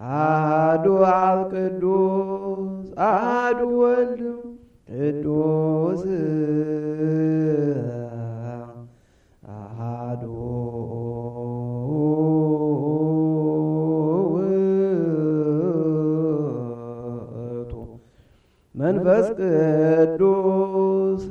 አሐዱ አብ ቅዱስ አሐዱ ወልድ ቅዱስ አሐዱ ውእቱ መንፈስ ቅዱስ